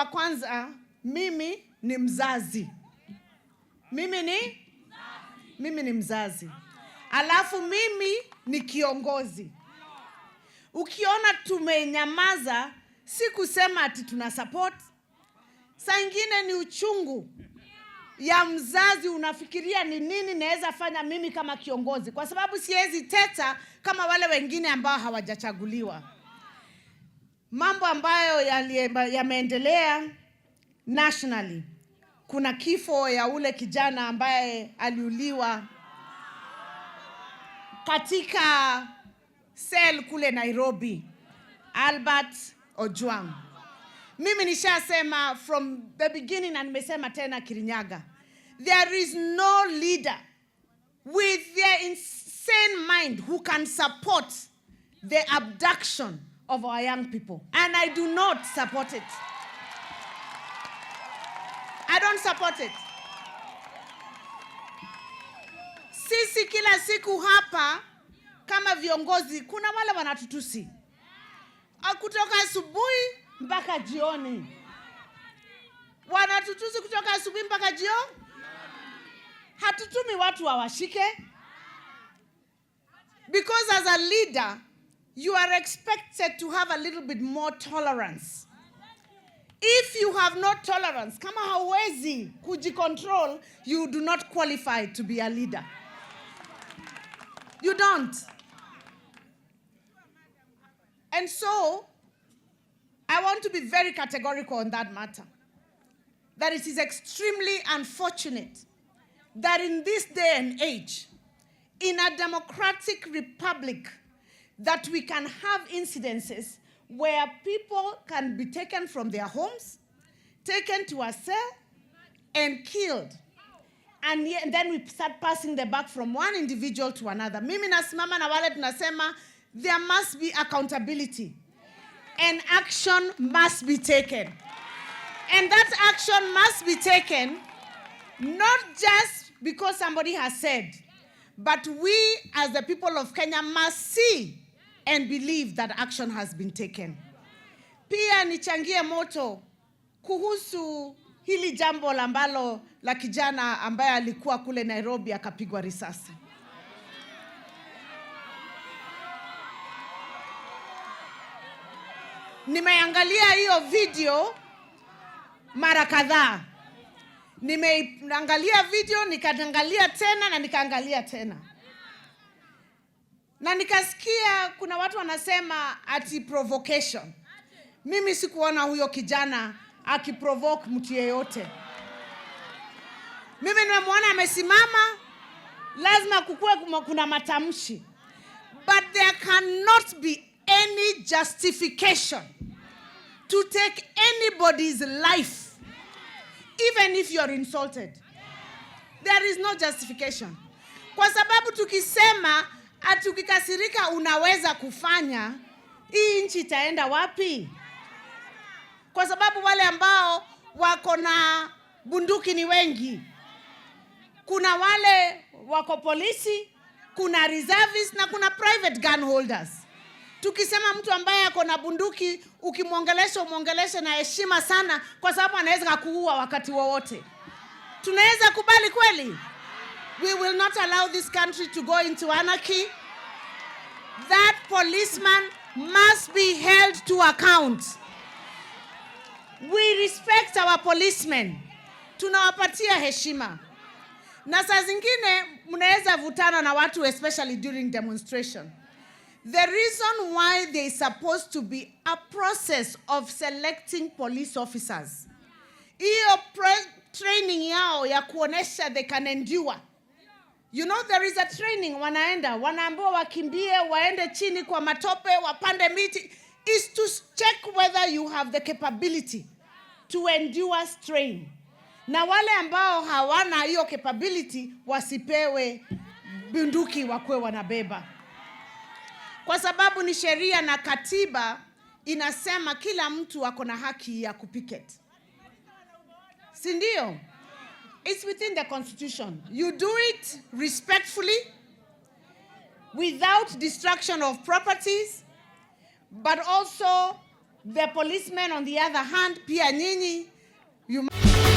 wa kwanza, mimi ni mzazi, mimi ni mimi ni mzazi, alafu mimi ni kiongozi. Ukiona tumenyamaza, si kusema ati tuna support. Saa ingine ni uchungu ya mzazi, unafikiria ni nini naweza fanya mimi kama kiongozi, kwa sababu siwezi teta kama wale wengine ambao hawajachaguliwa mambo ambayo yameendelea nationally. Kuna kifo ya ule kijana ambaye aliuliwa katika sel kule Nairobi, Albert ojuang Mimi nishasema from the beginning na nimesema tena Kirinyaga, there is no leader with their insane mind who can support the abduction of our young people. And I do not support it. I don't support it. Sisi kila siku hapa kama viongozi, kuna wale wanatutusi ah, kutoka asubuhi mpaka jioni, wanatutusi kutoka asubuhi mpaka jioni. Hatutumi watu wawashike, because as a leader you are expected to have a little bit more tolerance. If you have no tolerance, kama hawezi kujicontrol, you do not qualify to be a leader. You don't. And so, I want to be very categorical on that matter. That it is extremely unfortunate that in this day and age, in a democratic republic, that we can have incidences where people can be taken from their homes, taken to a cell, and killed. And, then we start passing the buck from one individual to another. Mimi nasimama na wale tunasema there must be accountability and action must be taken. And that action must be taken not just because somebody has said, but we as the people of Kenya must see and believe that action has been taken. Pia nichangie moto kuhusu hili jambo ambalo la kijana ambaye alikuwa kule Nairobi akapigwa risasi. Nimeangalia hiyo video mara kadhaa, nimeangalia video nikaangalia tena na nikaangalia tena na nikasikia kuna watu wanasema ati provocation. Mimi sikuona huyo kijana akiprovoke mtu yeyote. Mimi nimemwona amesimama, lazima kukuwe kuna matamshi, but there cannot be any justification to take anybody's life even if you are insulted. There is no justification, kwa sababu tukisema ati ukikasirika unaweza kufanya, hii nchi itaenda wapi? Kwa sababu wale ambao wako na bunduki ni wengi. Kuna wale wako polisi, kuna reservists na kuna private gun holders. Tukisema mtu ambaye ako na bunduki ukimwongelesha, umwongeleshe na heshima sana, kwa sababu anaweza kukuua wakati wowote. Tunaweza kubali kweli? We will not allow this country to go into anarchy. That policeman must be held to account. We respect our policemen. Tunawapatia heshima. Na saa zingine mnaweza vutana na watu especially during demonstration. The reason why there is supposed to be a process of selecting police officers. Hiyo training yao ya kuonesha they can endure You know there is a training wanaenda, wanaambiwa wakimbie, waende chini kwa matope, wapande miti. Is to check whether you have the capability to endure strain. Na wale ambao hawana hiyo capability wasipewe bunduki wakuwe wanabeba, kwa sababu ni sheria na katiba inasema kila mtu ako na haki ya kupiket, si ndio? It's within the Constitution. You do it respectfully, without destruction of properties, but also the policeman on the other hand, Pia Nini, you